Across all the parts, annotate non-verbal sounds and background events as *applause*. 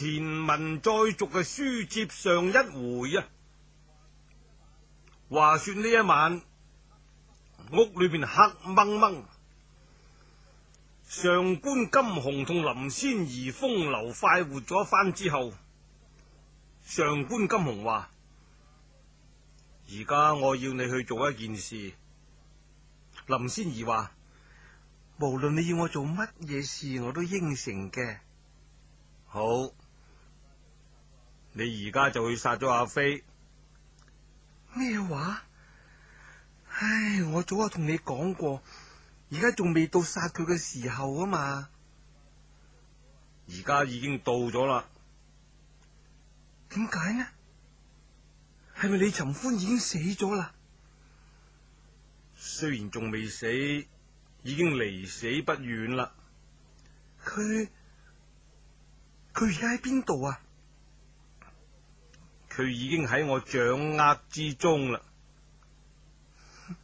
前文再續嘅書接上一回啊！話說呢一晚，屋裏邊黑掹掹。上官金鴻同林仙兒風流快活咗一番之後，上官金鴻話：而家我要你去做一件事。林仙兒話：無論你要我做乜嘢事，我都應承嘅。好。你而家就去殺咗阿飛。咩話？唉，我早就同你講過，而家仲未到殺佢嘅時候啊嘛。而家已經到咗啦。點解呢？係咪李尋歡已經死咗啦？雖然仲未死，已經離死不遠啦。佢佢而家喺邊度啊？佢已經喺我掌握之中啦！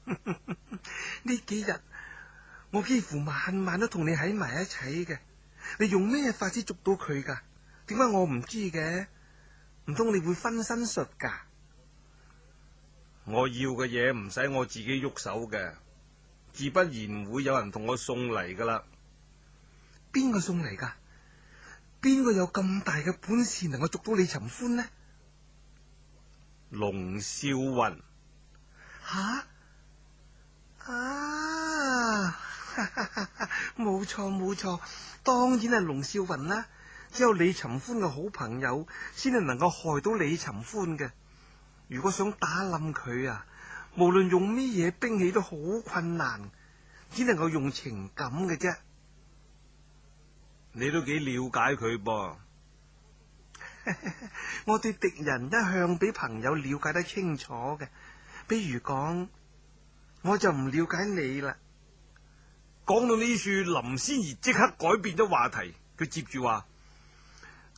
呢 *laughs* 幾日我幾乎晚晚都同你喺埋一齊嘅，你用咩法子捉到佢噶點解我唔知嘅？唔通你會分身術噶我要嘅嘢唔使我自己喐手嘅，自不然會有人同我送嚟噶啦邊個送嚟噶邊個有咁大嘅本事能夠捉到李尋歡呢？龍少雲？吓啊！冇錯冇錯，當然係龍少雲啦，啊。只有李尋歡嘅好朋友，先係能夠害到李尋歡嘅。如果想打冧佢啊，無論用咩嘢兵器都好困難，只能夠用情感嘅啫。你都幾了解佢噃。 *laughs* 我對敵人一向比朋友了解得清楚嘅，比如講，我就唔了解你啦。講到呢處，林仙兒即刻改變咗話題，佢接住話：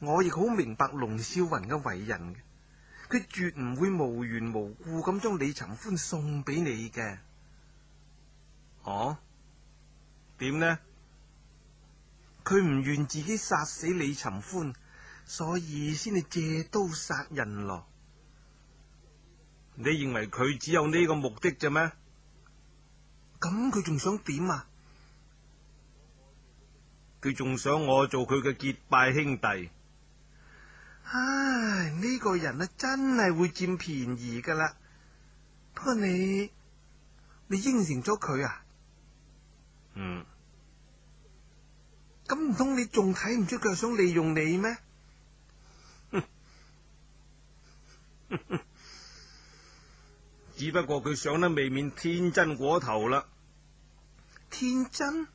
我亦好明白龍少雲嘅為人，佢絕唔會無緣無故咁將李尋歡送俾你嘅。哦、啊，點呢？佢唔願自己殺死李尋歡。所以先至借刀殺人咯。你認為佢只有呢個目的啫咩？咁佢仲想點啊？佢仲想我做佢嘅結拜兄弟。唉，呢個人啊真係會佔便宜噶啦。不過你你應承咗佢啊？嗯。咁唔通你仲睇唔出佢想利用你咩？ *laughs* 只不過佢想得未免天真過頭啦。天真？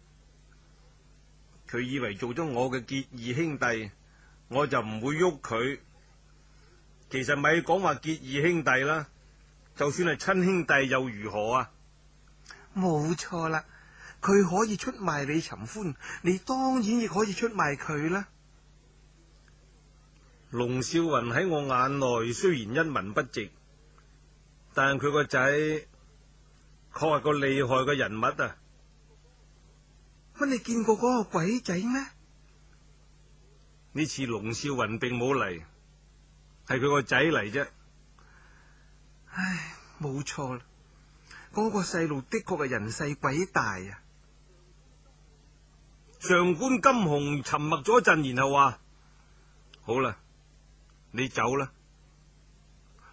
佢以為做咗我嘅結義兄弟，我就唔會喐佢。其實咪講話結義兄弟啦，就算係親兄弟又如何啊？冇錯啦，佢可以出賣你尋歡，你當然亦可以出賣佢啦。龍少雲喺我眼內雖然一文不值，但佢個仔確係個厲害嘅人物啊！乜你見過嗰個鬼仔咩？呢次龍少雲並冇嚟，係佢個仔嚟啫。唉，冇錯啦，嗰個細路的確係人細鬼大啊！上官金鴻沉默咗一陣，然後話：好啦。你走啦，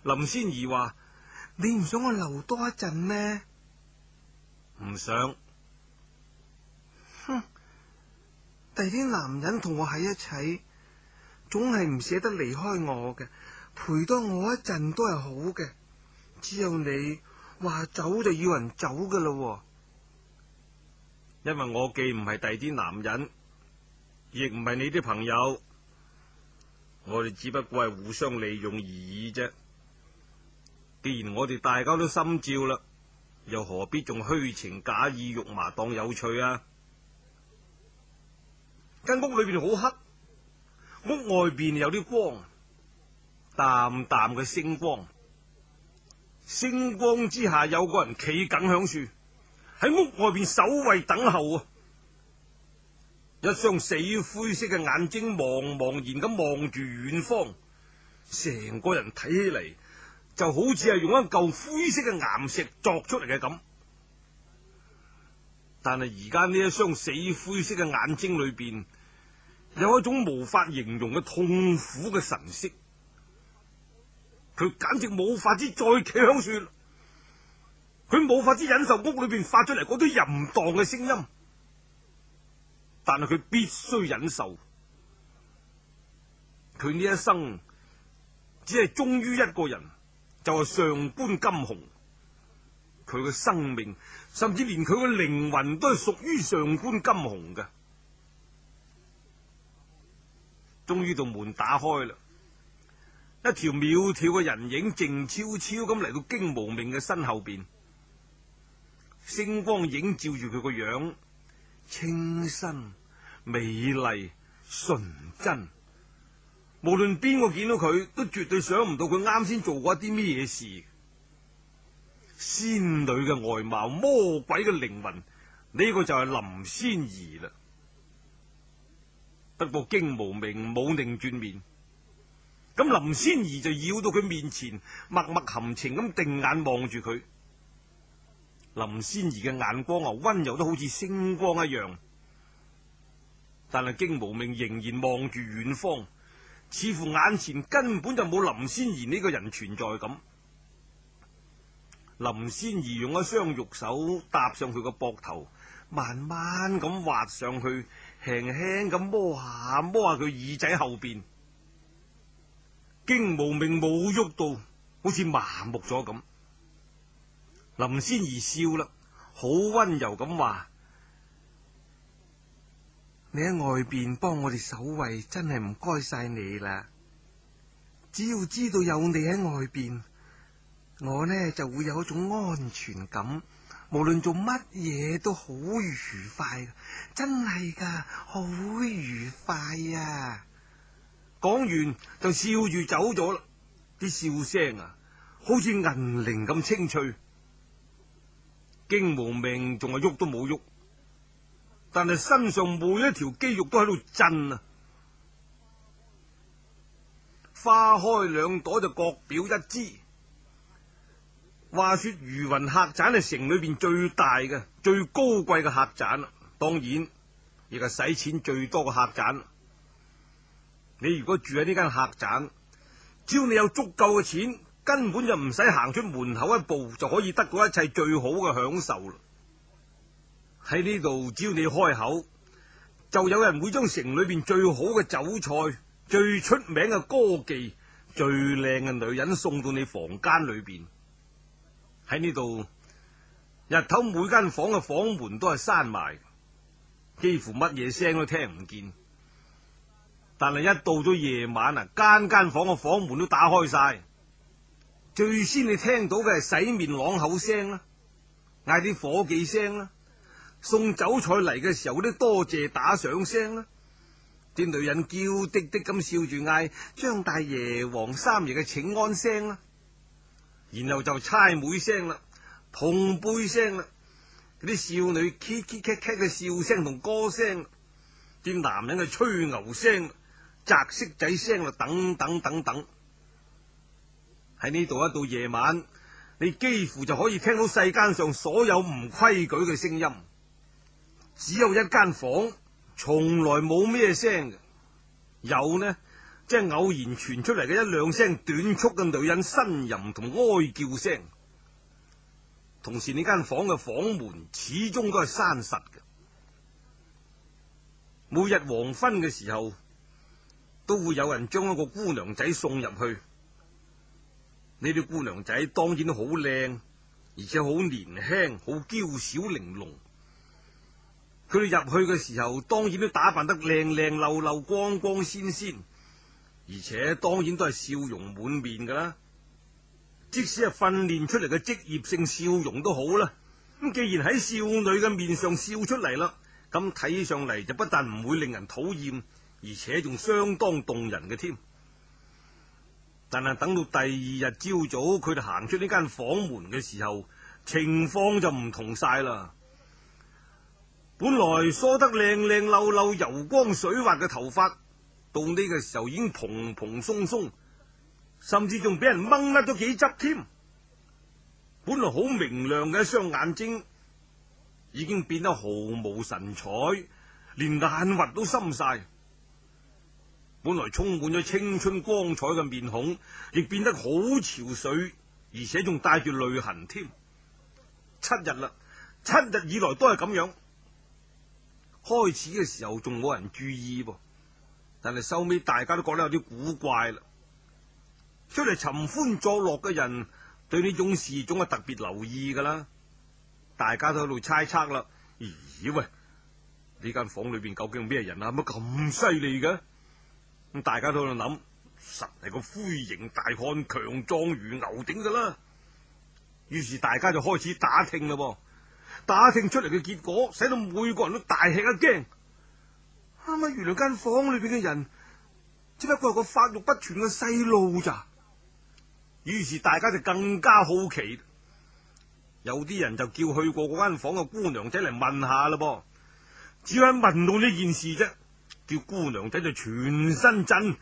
林仙兒話：你唔想我留多一陣咩？唔想。哼，第二啲男人同我喺一齊，總係唔捨得離開我嘅，陪多我一陣都係好嘅。只有你話走就要人走噶啦。因為我既唔係第二啲男人，亦唔係你啲朋友。我哋只不過係互相利用而，而已啫。既然我哋大家都心照啦，又何必仲虛情假意，肉麻當有趣啊？間屋裏邊好黑，屋外邊有啲光，淡淡嘅星光。星光之下有個人企緊響樹，喺屋外邊守衛等候啊！一雙死灰色嘅眼睛，茫茫然咁望住遠方，成個人睇起嚟，就好似係用一嚿灰色嘅岩石鑿出嚟嘅咁。但係而家呢一雙死灰色嘅眼睛裏邊，有一種無法形容嘅痛苦嘅神色。佢簡直冇法子再企喺樹，佢冇法子忍受屋裏邊發出嚟啲淫蕩嘅聲音。但係佢必須忍受，佢呢一生只係忠於一個人，就係、是、上官金虹。佢嘅生命，甚至連佢嘅靈魂都係屬於上官金虹嘅。終於，道門打開啦，一條苗條嘅人影靜悄悄咁嚟到荊無命嘅身後邊，星光映照住佢個樣，清新。美麗純真，無論邊個見到佢，都絕對想唔到佢啱先做過一啲咩嘢事。仙女嘅外貌，魔鬼嘅靈魂，呢、這個就係林仙兒啦。不過荊無名，冇擰轉面，咁林仙兒就繞到佢面前，默默含情咁定眼望住佢。林仙兒嘅眼光啊，溫柔得好似星光一樣。但係荊無命仍然望住遠方，似乎眼前根本就冇林仙兒呢個人存在咁。林仙兒用一雙玉手搭上佢個膊頭，慢慢咁滑上去，輕輕咁摸下摸下佢耳仔後邊。荊無命冇喐到，好似麻木咗咁。林仙兒笑啦，好溫柔咁話。你喺外邊幫我哋守衛，真係唔該晒你啦！只要知道有你喺外邊，我呢就會有一種安全感，無論做乜嘢都好愉快，真係噶，好愉快呀、啊！講完就笑住走咗啦，啲笑聲啊，好似銀鈴咁清脆。荊無命仲係喐都冇喐。但係身上每一條肌肉都喺度震啊！花開兩朵就各表一枝。話說如雲客棧係城裏邊最大嘅最高貴嘅客棧啦，當然亦係使錢最多嘅客棧。你如果住喺呢間客棧，只要你有足夠嘅錢，根本就唔使行出門口一步，就可以得到一切最好嘅享受啦喺呢度，只要你開口，就有人會將城裏邊最好嘅酒菜、最出名嘅歌妓、最靚嘅女人送到你房間裏邊。喺呢度，日頭每間房嘅房門都係閂埋，幾乎乜嘢聲都聽唔見。但係一到咗夜晚啊，間間房嘅房門都打開晒。最先你聽到嘅係洗面朗口聲啦，嗌啲伙計聲啦。送酒菜嚟嘅時候嗰啲多謝打賞聲啦，啲女人嬌滴滴咁笑住嗌張大爺、黃三爺嘅請安聲啦，然後就猜枚聲啦、碰杯聲啦，啲少女 k i 嘅笑聲同歌聲，啲男人嘅吹牛聲、扎色仔聲啦，等等等等。喺呢度一到夜晚，你幾乎就可以聽到世間上所有唔規矩嘅聲音。只有一間房，從來冇咩聲嘅。有呢，即係偶然傳出嚟嘅一兩聲短促嘅女人呻吟同哀叫聲。同時，呢間房嘅房門始終都係閂實嘅。每日黃昏嘅時候，都會有人將一個姑娘仔送入去。呢啲姑娘仔當然都好靚，而且好年輕，好嬌小玲瓏。佢哋入去嘅時候，當然都打扮得靚靚溜溜、光光鮮鮮，而且當然都係笑容滿面噶啦。即使係訓練出嚟嘅職業性笑容都好啦。咁既然喺少女嘅面上笑出嚟啦，咁睇上嚟就不但唔會令人討厭，而且仲相當動人嘅添。但係等到第二日朝早，佢哋行出呢間房門嘅時候，情況就唔同晒啦。本來梳得靚靚溜溜、油光水滑嘅頭髮，到呢個時候已經蓬蓬鬆鬆，甚至仲俾人掹甩咗幾執添。本來好明亮嘅一雙眼睛，已經變得毫無神采，連眼云都深晒。本來充滿咗青春光彩嘅面孔，亦變得好憔悴，而且仲帶住淚痕添。七日啦，七日以來都係咁樣。開始嘅時候仲冇人注意噃，但係收尾大家都覺得有啲古怪啦。出嚟尋歡作樂嘅人對呢種事總係特別留意噶啦，大家都喺度猜測啦。咦喂，呢間房裏邊究竟係咩人啊？乜咁犀利噶？咁大家都喺度諗，實係個灰形大漢，強壯如牛頂噶啦。於是大家就開始打聽啦噃。打聽出嚟嘅結果，使到每個人都大吃一驚。啱、啊、啱原來間房裏邊嘅人，只不過係個發育不全嘅細路咋。於是大家就更加好奇，有啲人就叫去過嗰間房嘅姑娘仔嚟問下啦噃。只係問到呢件事啫，叫姑娘仔就全身震，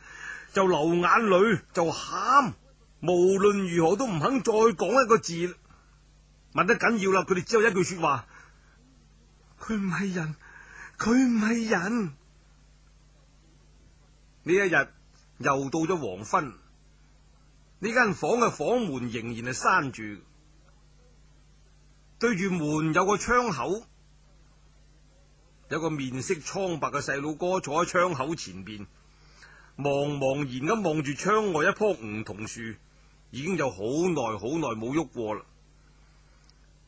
就流眼淚，就喊，無論如何都唔肯再講一個字。問得緊要啦，佢哋只有一句說話：佢唔係人，佢唔係人。呢一日又到咗黃昏，呢間房嘅房門仍然係閂住。對住門有個窗口，有個面色蒼白嘅細路哥坐喺窗口前邊，茫茫然咁望住窗外一棵梧桐樹，已經有好耐好耐冇喐過啦。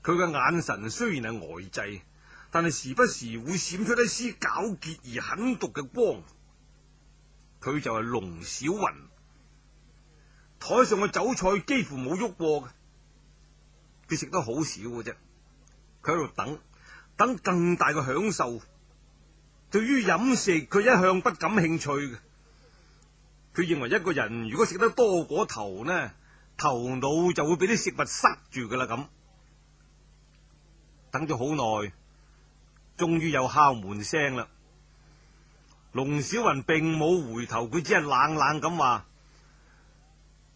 佢嘅眼神雖然係呆滯，但係時不時會閃出一絲狡黠而狠毒嘅光。佢就係龍小雲。台上嘅酒菜幾乎冇喐過嘅，佢食得好少嘅啫。佢喺度等，等更大嘅享受。對於飲食，佢一向不感興趣嘅。佢認為一個人如果食得多過頭呢，頭腦就會俾啲食物塞住噶啦咁。等咗好耐，終於有敲門聲啦。龍小雲並冇回頭，佢只係冷冷咁話：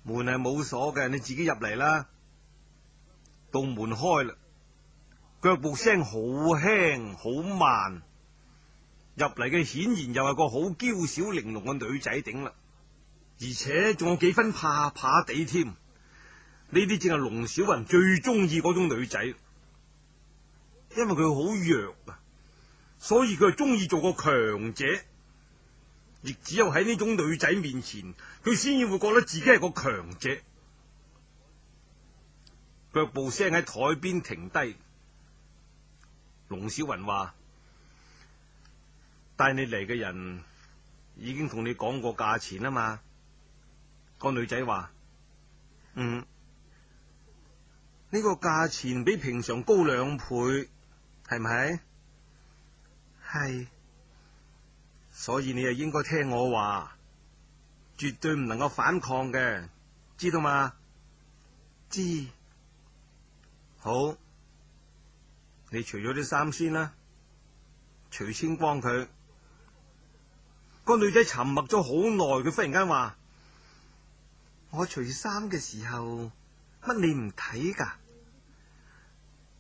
門係冇鎖嘅，你自己入嚟啦。道門開啦，腳步聲好輕好慢，入嚟嘅顯然又係個好嬌小玲瓏嘅女仔頂啦，而且仲有幾分怕怕地添。呢啲正係龍小雲最中意嗰種女仔。因為佢好弱啊，所以佢係中意做個強者，亦只有喺呢種女仔面前，佢先至會覺得自己係個強者。腳步聲喺台邊停低，龍小雲話：帶你嚟嘅人已經同你講過價錢啦嘛。個女仔話：嗯，呢個價錢比平常高兩倍。係唔係？係，是所以你就應該聽我話，絕對唔能夠反抗嘅，知道嗎？知道，好，你除咗啲衫先啦，除清光佢。個女仔沉默咗好耐，佢忽然間話：我除衫嘅時候乜你唔睇噶？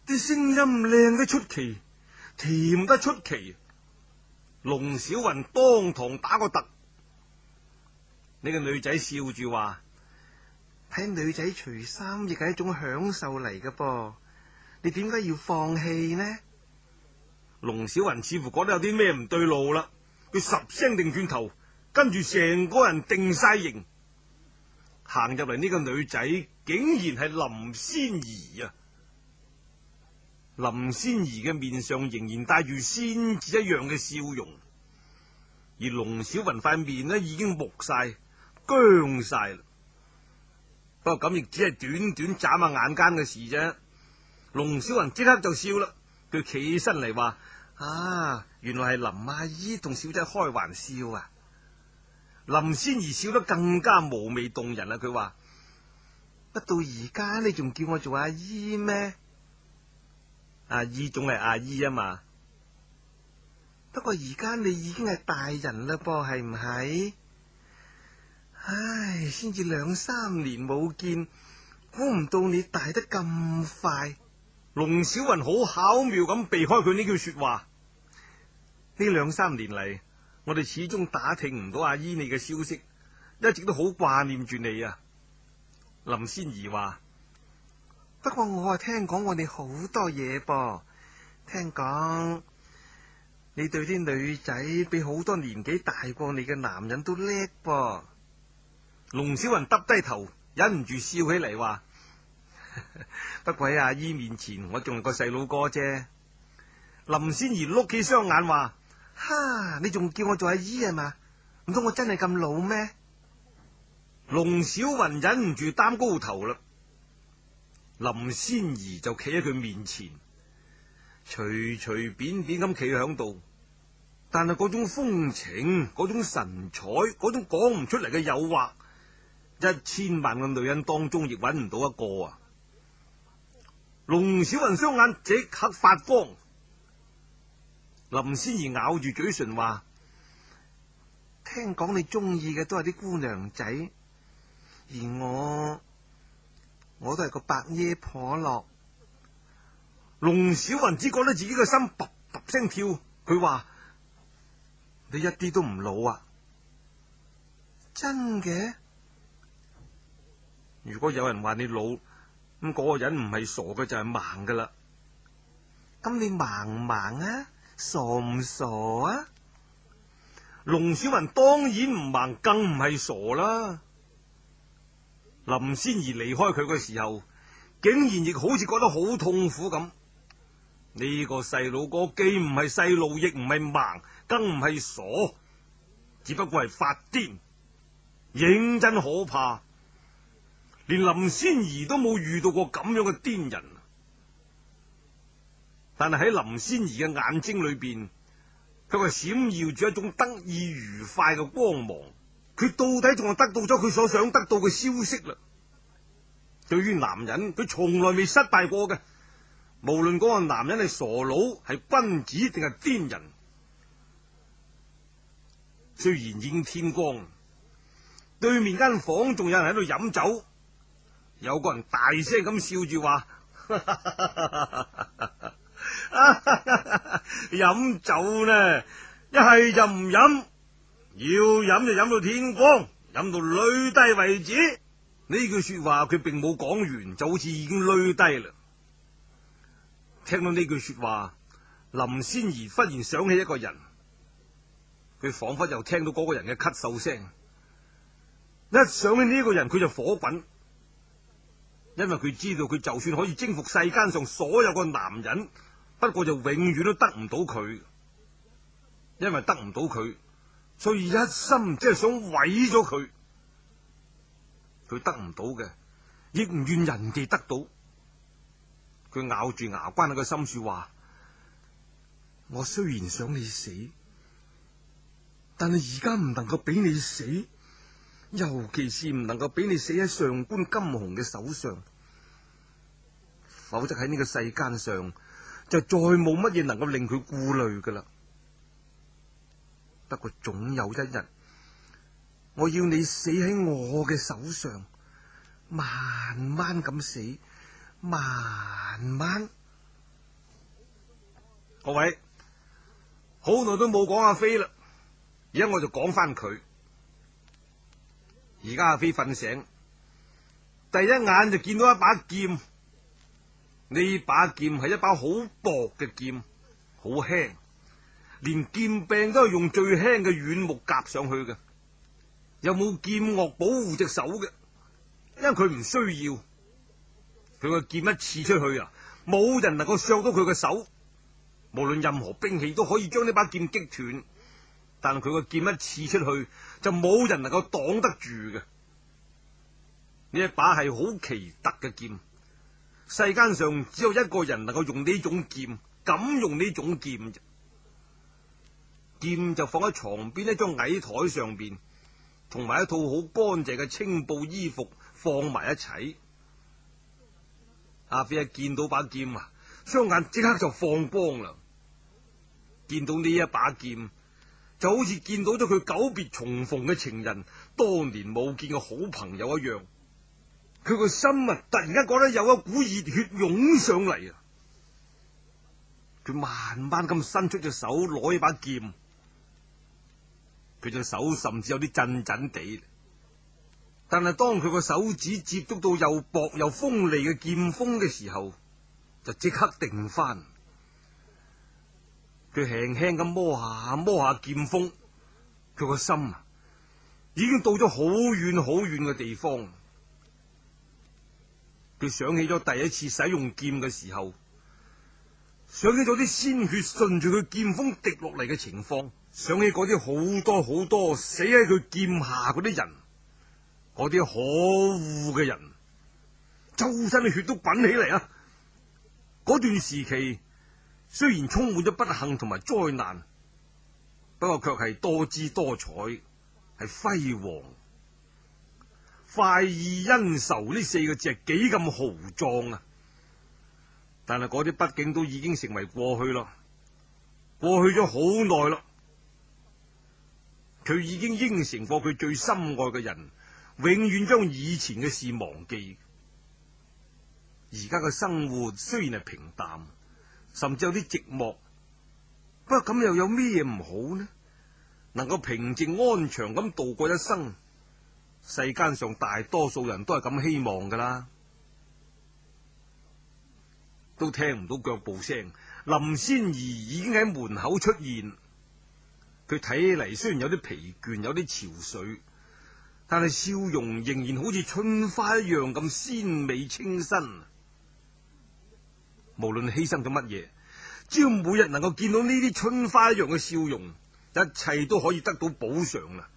啲聲音靚得出奇，甜得出奇。龍小雲當堂打個突，呢、呢個女仔笑住話：睇女仔除衫亦係一種享受嚟嘅噃。你點解要放棄呢？龍小雲似乎覺得有啲咩唔對路啦。佢十聲定轉頭，跟住成個人定晒形，行入嚟呢個女仔竟然係林仙兒啊！林仙兒嘅面上仍然帶住仙子一樣嘅笑容，而龍小雲塊面咧已經木晒、僵晒啦。不過咁亦只係短短眨下眼間嘅事啫。龍小雲即刻就笑啦，佢企起身嚟話：啊，原來係林阿姨同小姐開玩笑啊！林仙兒笑得更加嫵媚動人啦。佢話：不到而家你仲叫我做阿姨咩？阿姨總係阿姨啊嘛，不過而家你已經係大人啦，噃，係唔係？唉，先至兩三年冇見，估唔到你大得咁快。龍小雲好巧妙咁避開佢呢句說話。呢兩三年嚟，我哋始終打聽唔到阿姨你嘅消息，一直都好掛念住你啊。林仙兒話。不過我啊，聽講過你好多嘢噃，聽講你對啲女仔比好多年紀大過你嘅男人都叻噃。龍小云耷低頭，忍唔住笑起嚟話：， *laughs* 不過喺阿姨面前，我仲係個細佬哥啫。林仙兒碌起雙眼話：，哈，你仲叫我做阿姨啊嘛？唔通我真係咁老咩？龍小云忍唔住擔高頭啦。林仙兒就企喺佢面前，隨隨便便咁企喺度，但係嗰種風情、嗰種神采、嗰種講唔出嚟嘅誘惑，一千萬個女人當中亦揾唔到一個啊！龍小雲雙眼即刻發光，林仙兒咬住嘴唇話：聽講你中意嘅都係啲姑娘仔，而我。我都係個白耶婆洛，龍小雲只覺得自己個心突突聲跳，佢話：你一啲都唔老啊！真嘅？如果有人話你老，咁嗰個人唔係傻嘅就係盲噶啦。咁你盲唔盲啊？傻唔傻啊？龍小雲當然唔盲，更唔係傻啦。林仙兒離開佢嘅時候，竟然亦好似覺得好痛苦咁。呢個細路哥既唔係細路，亦唔係盲，更唔係傻，只不過係發癲，認真可怕，連林仙兒都冇遇到過咁樣嘅癲人。但係喺林仙兒嘅眼睛裏邊，佢係閃耀住一種得意愉快嘅光芒。佢到底仲係得到咗佢所想得到嘅消息嘞。對於男人，佢從來未失敗過嘅。無論嗰個男人係傻佬、係君子定係癲人，雖然已經天光，對面間房仲有人喺度飲酒，有個人大聲咁笑住話：飲 *laughs* *laughs* 酒呢，一係就唔飲。要飲就飲到天光，飲到累低為止。呢句說話佢並冇講完，就好似已經累低啦。聽到呢句說話，林仙兒忽然想起一個人，佢仿佛又聽到嗰個人嘅咳嗽聲。一想起呢個人，佢就火滾，因為佢知道佢就算可以征服世間上所有個男人，不過就永遠都得唔到佢，因為得唔到佢。所以一心只係想毀咗佢，佢得唔到嘅，亦唔願人哋得到。佢咬住牙關喺個心處話：我雖然想你死，但係而家唔能夠俾你死，尤其是唔能夠俾你死喺上官金虹嘅手上，否則喺呢個世間上就再冇乜嘢能夠令佢顧慮噶啦。不過總有一日，我要你死喺我嘅手上，慢慢咁死，慢慢。各位，好耐都冇講阿飛啦，而家我就講返佢。而家阿飛瞓醒，第一眼就見到一把劍。呢把劍係一把好薄嘅劍，好輕。連劍柄都係用最輕嘅軟木夾上去嘅，有冇劍鍔保護隻手嘅，因為佢唔需要。佢個劍一刺出去啊，冇人能夠削到佢個手，無論任何兵器都可以將呢把劍擊斷，但佢個劍一刺出去就冇人能夠擋得住嘅。呢一把係好奇特嘅劍，世間上只有一個人能夠用呢種劍，敢用呢種劍。劍就放喺床邊一張矮台上邊，同埋一套好乾淨嘅青布衣服放埋一齊。阿飛一、啊、見到把劍啊，雙眼即刻就放光啦！見到呢一把劍，就好似見到咗佢久別重逢嘅情人，多年冇見嘅好朋友一樣。佢個心啊，突然間覺得有一股熱血湧上嚟啊！佢慢慢咁伸出隻手攞起把劍。佢隻手甚至有啲震震地，但係當佢個手指接觸到又薄又鋒利嘅劍鋒嘅時候，就即刻定返。佢輕輕咁摸下，摸下劍鋒，佢個心已經到咗好遠好遠嘅地方。佢想起咗第一次使用劍嘅時候，想起咗啲鮮血順住佢劍鋒滴落嚟嘅情況。想起啲好多好多死喺佢劍下啲人，啲可惡嘅人，周 *noise* 身嘅血都滾起嚟啊！段時期雖然充滿咗不幸同埋災難，不過卻係多姿多彩，係輝煌。快意恩仇呢四個字係幾咁豪壯啊！但係啲畢竟都已經成為過去咯，過去咗好耐咯。佢已經應承過佢最深愛嘅人，永遠將以前嘅事忘記。而家嘅生活雖然係平淡，甚至有啲寂寞，不過咁又有咩嘢唔好呢？能夠平靜安詳咁度過一生，世間上大多數人都係咁希望噶啦。都聽唔到腳步聲，林仙兒已經喺門口出現。佢睇起嚟雖然有啲疲倦，有啲憔悴，但係笑容仍然好似春花一樣咁鮮美清新。無論犧牲咗乜嘢，只要每日能夠見到呢啲春花一樣嘅笑容，一切都可以得到補償啦。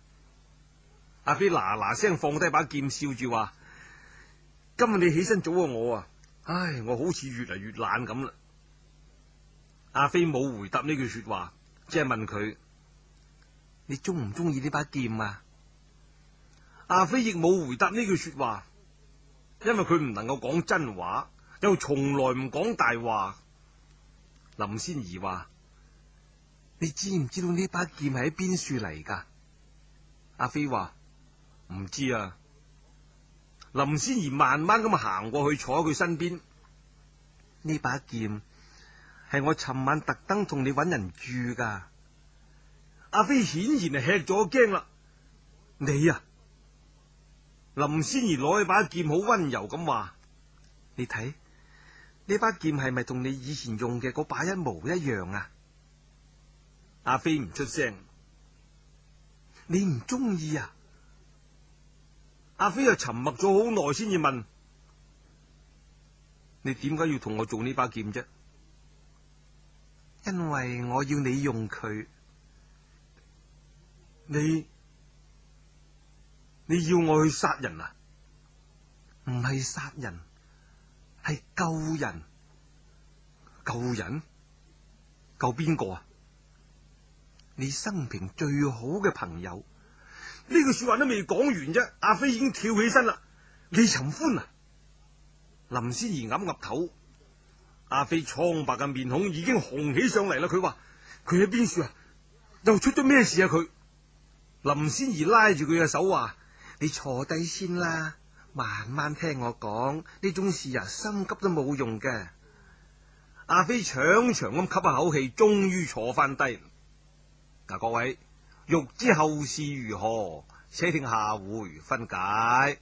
阿飛嗱嗱聲放低把劍，笑住話：今日你起身早過我啊，唉，我好似越嚟越懶咁啦。阿飛冇回答呢句說話，只係問佢。你中唔中意呢把劍啊？阿飛亦冇回答呢句說話，因為佢唔能夠講真話，又從來唔講大話。林仙兒話：你知唔知道呢把劍係喺邊處嚟噶？阿飛話：唔知啊。林仙兒慢慢咁行過去，坐喺佢身邊。呢把劍係我尋晚特登同你搵人住噶。阿飛顯然係吃咗驚啦。你啊，林仙兒攞起把劍，好温柔咁話：你睇呢把劍係咪同你以前用嘅嗰把一模一樣啊？阿飛唔出聲，你唔中意啊？阿飛又沉默咗好耐，先至問：你點解要同我做呢把劍啫？因為我要你用佢。你你要我去殺人啊？唔係殺人，係救人。救人救邊個啊？你生平最好嘅朋友。呢句說話都未講完啫，阿飛已經跳起身啦。李尋歡啊，林仙兒岌岌頭，阿飛蒼白嘅面孔已經紅起上嚟啦。佢話，佢喺邊處啊？又出咗咩事啊？佢？林仙兒拉住佢嘅手話，你坐低先啦，慢慢聽我講，呢種事啊，心急都冇用嘅。阿飛長長咁吸一口氣，終於坐翻低。嗱，各位欲知後事如何，且聽下回分解。